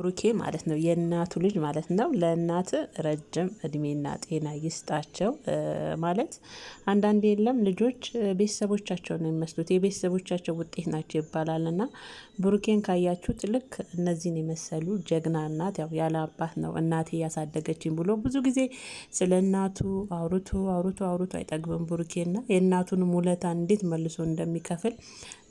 ብሩኬ ማለት ነው የእናቱ ልጅ ማለት ነው። ለእናት ረጅም እድሜና ጤና ይስጣቸው ማለት አንዳንዴ የለም ልጆች ቤተሰቦቻቸው ነው የሚመስሉት የቤተሰቦቻቸው ውጤት ናቸው ይባላል። እና ብሩኬን ካያችሁት ልክ እነዚህን የመሰሉ ጀግና እናት ያው ያለ አባት ነው እናቴ እያሳደገችኝ ብሎ ብዙ ጊዜ ስለ እናቱ አውርቶ አውርቶ አውርቶ አይጠግብም። ብሩኬና የእናቱን ውለታ እንዴት መልሶ እንደሚከፍል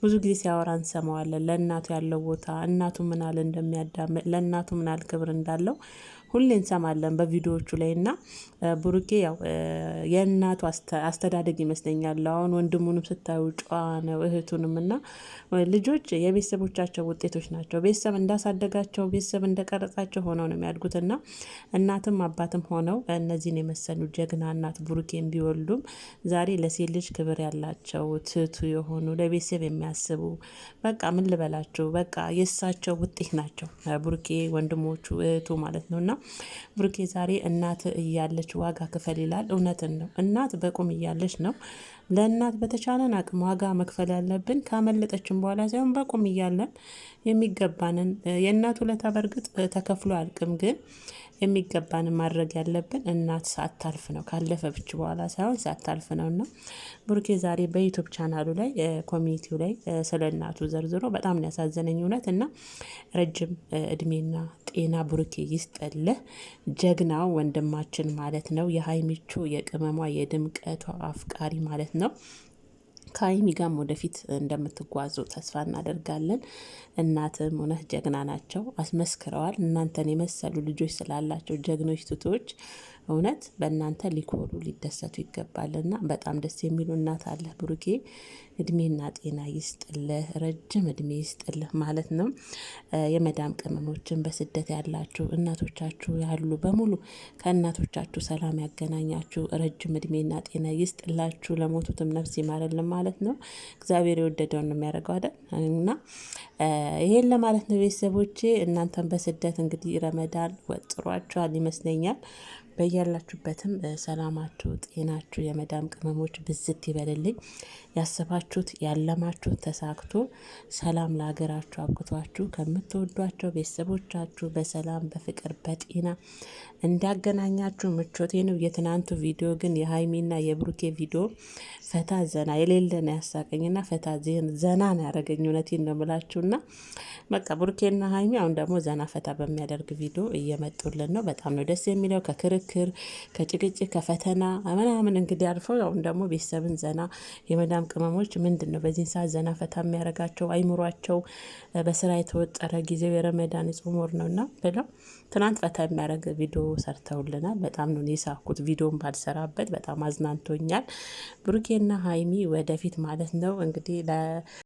ብዙ ጊዜ ሲያወራ እንሰማዋለን። ለእናቱ ያለው ቦታ እናቱ ምናል እንደሚያዳምጥ ለእናቱ ምናል ክብር እንዳለው ሁሌ እንሰማለን በቪዲዮዎቹ ላይ እና ብሩኬ ያው የእናቱ አስተዳደግ ይመስለኛል። አሁን ወንድሙንም ስታዩ ጨዋ ነው፣ እህቱንም እና ልጆች የቤተሰቦቻቸው ውጤቶች ናቸው። ቤተሰብ እንዳሳደጋቸው ቤተሰብ እንደቀረጻቸው ሆነው ነው የሚያድጉት እና እናትም አባትም ሆነው እነዚህን የመሰሉ ጀግና እናት ብሩኬን ቢወልዱም ዛሬ ለሴት ልጅ ክብር ያላቸው ትቱ የሆኑ ለቤተሰብ የሚያ የሚያስቡ በቃ ምን ልበላቸው በቃ የእሳቸው ውጤት ናቸው። ብሩኬ ወንድሞቹ እህቱ ማለት ነው። እና ብሩኬ ዛሬ እናት እያለች ዋጋ ክፈል ይላል። እውነትን ነው። እናት በቁም እያለች ነው ለእናት በተቻለን አቅም ዋጋ መክፈል ያለብን ካመለጠችን በኋላ ሳይሆን በቁም እያለን የሚገባንን የእናቱ ውለታ በእርግጥ ተከፍሎ አልቅም ግን የሚገባን ማድረግ ያለብን እናት ሳታልፍ ነው ካለፈ ብች በኋላ ሳይሆን ሳታልፍ ነው። እና ብሩኬ ዛሬ በዩቱብ ቻናሉ ላይ ኮሚኒቲው ላይ ስለ እናቱ ዘርዝሮ በጣም ነው ያሳዘነኝ እውነት። እና ረጅም እድሜና ጤና ብሩኬ ይስጠልህ። ጀግናው ወንድማችን ማለት ነው። የሀይሚቹ የቅመሟ የድምቀቷ አፍቃሪ ማለት ነው። ከሀይሚ ጋም ወደፊት እንደምትጓዙ ተስፋ እናደርጋለን። እናትም እውነት ጀግና ናቸው፣ አስመስክረዋል። እናንተን የመሰሉ ልጆች ስላላቸው ጀግኖች ቱቶች እውነት በእናንተ ሊኮሩ ሊደሰቱ ይገባልና በጣም ደስ የሚሉ እናት አለ ብሩኬ። እድሜና ጤና ይስጥልህ፣ ረጅም እድሜ ይስጥልህ ማለት ነው። የመዳም ቅመሞችን በስደት ያላችሁ እናቶቻችሁ ያሉ በሙሉ ከእናቶቻችሁ ሰላም ያገናኛችሁ፣ ረጅም እድሜና ጤና ይስጥላችሁ። ለሞቱትም ነፍስ ይማርልን ማለት ነው። እግዚአብሔር የወደደውን ነው የሚያደርገው አይደል? እና ይሄን ለማለት ነው ቤተሰቦቼ። እናንተን በስደት እንግዲህ ረመዳን ወጥሯችኋል ይመስለኛል በየ በያላችሁበትም ሰላማችሁ፣ ጤናችሁ የመዳም ቅመሞች ብዝት ይበልልኝ። ያሰባችሁት ያለማችሁት ተሳክቶ ሰላም ለሀገራችሁ አብቅቷችሁ ከምትወዷቸው ቤተሰቦቻችሁ በሰላም በፍቅር በጤና እንዳገናኛችሁ ምቾቴ ነው። የትናንቱ ቪዲዮ ግን የሀይሚና የብሩኬ ቪዲዮ ፈታ ዘና የሌለ ነው ያሳቀኝና ፈታ ዘና ነው ያደረገኝ። እውነቴን ነው የምላችሁና በቃ ብሩኬና ሀይሚ አሁን ደግሞ ዘና ፈታ በሚያደርግ ቪዲዮ እየመጡልን ነው። በጣም ነው ደስ የሚለው ከክርክር ከጭቅጭቅ ከፈተና ምናምን እንግዲህ አልፎ አሁን ደግሞ ቤተሰብን ዘና የመዳም ቅመሞች ምንድን ነው በዚህን ሰዓት ዘና ፈታ የሚያደርጋቸው አይምሯቸው በስራ የተወጠረ ጊዜው የረመዳን የጾም ወር ነው እና ብለው ትናንት ፈታ የሚያደረግ ቪዲዮ ሰርተውልናል። በጣም ነው የሳኩት። ቪዲዮን ባልሰራበት በጣም አዝናንቶኛል። ብሩኬና ሀይሚ ወደፊት ማለት ነው እንግዲህ